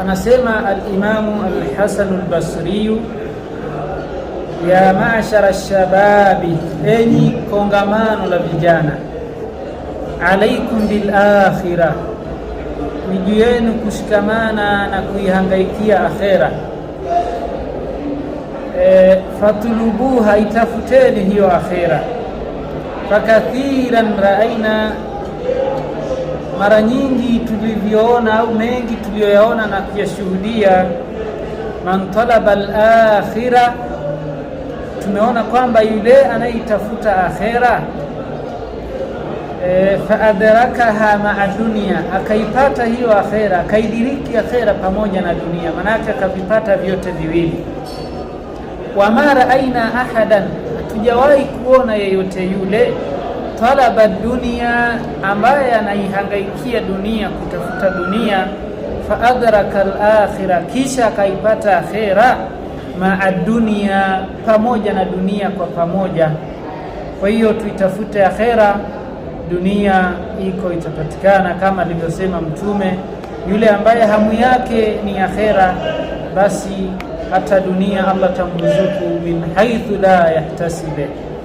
anasema alimamu al-Basri, ya mashara shababi, enyi kongamano la vijana, alaikum bil akhira, ni juu yenu kushikamana na kuihangaikia akhera. E, fatulubuha, itafuteni hiyo akhera. fakathiran raaina mara nyingi tulivyoona au mengi tuliyoyaona na kuyashuhudia, man talaba al-akhira, tumeona kwamba yule anayetafuta akhera e, eh, faadrakaha maa dunia, akaipata hiyo akhera, akaidiriki akhera pamoja na dunia, manake akavipata vyote viwili. mara aina ahadan, hatujawahi kuona yeyote yule talaba dunia, ambaye anaihangaikia dunia kutafuta dunia, fa adraka al kisha akaipata akhera, maa dunia, pamoja na dunia kwa pamoja. Kwa hiyo tuitafute akhera, dunia iko itapatikana, kama alivyosema Mtume, yule ambaye hamu yake ni akhera, basi hata dunia Allah tamruzuku min haithu la yahtasibe